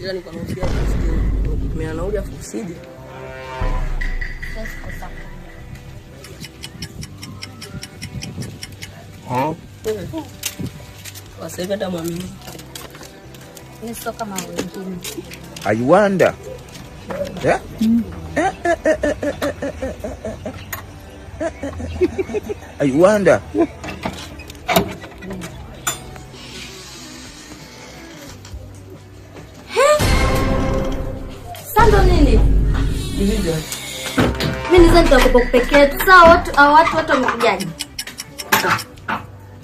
ila nikanusia mia nauli afu kusidi wasevi aiwanda aiwanda Sando nini? Nilija. Mimi nizani nitakupa watu au ah, watu watu wamekujaje?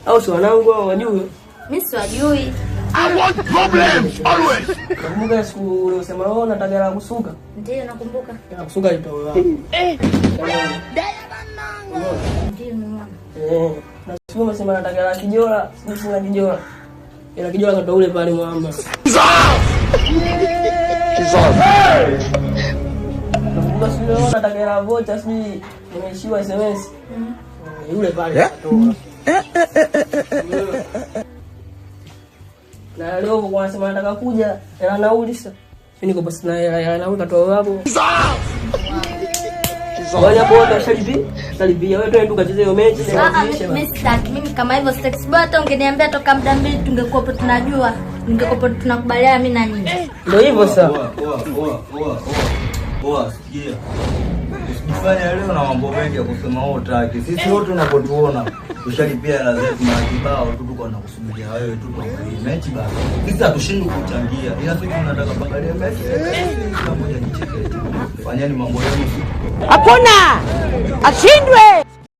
Au si wanangu au wajui? Mimi siwajui. I want problems always. Nakumbuka siku ule usema wewe oh, unataka hela kusuka. Ndio nakumbuka. Ya kusuka itoa. Eh. Diamond. Ndio mwana. Eh, na siku umesema nataka hela kijola, sisi tuna kijola. Hela kijola katoa ule pale mwamba. Kizao. Kizao. Hatari. Nakumbuka Mimi kama hivyo sitaki. Bora hata ungeniambia toka muda mbili tungekuwa tunajua. Ndio tunakubalia mimi na nyinyi. Ndio hivyo sasa. Poa poa poa poa. Poa, Sikia. Usijifanye leo na mambo mengi ya kusema wewe utaki. Sisi wote tunapotuona ushalipia hela zetu na kibao tu tuko na kusubiria wewe tu kwa mechi basi. Sisi hatushindwi kuchangia. Ila sisi tunataka kuangalia mechi. Kama Pamoja nicheke. Fanyeni mambo yenu. Hakuna. Ashindwe.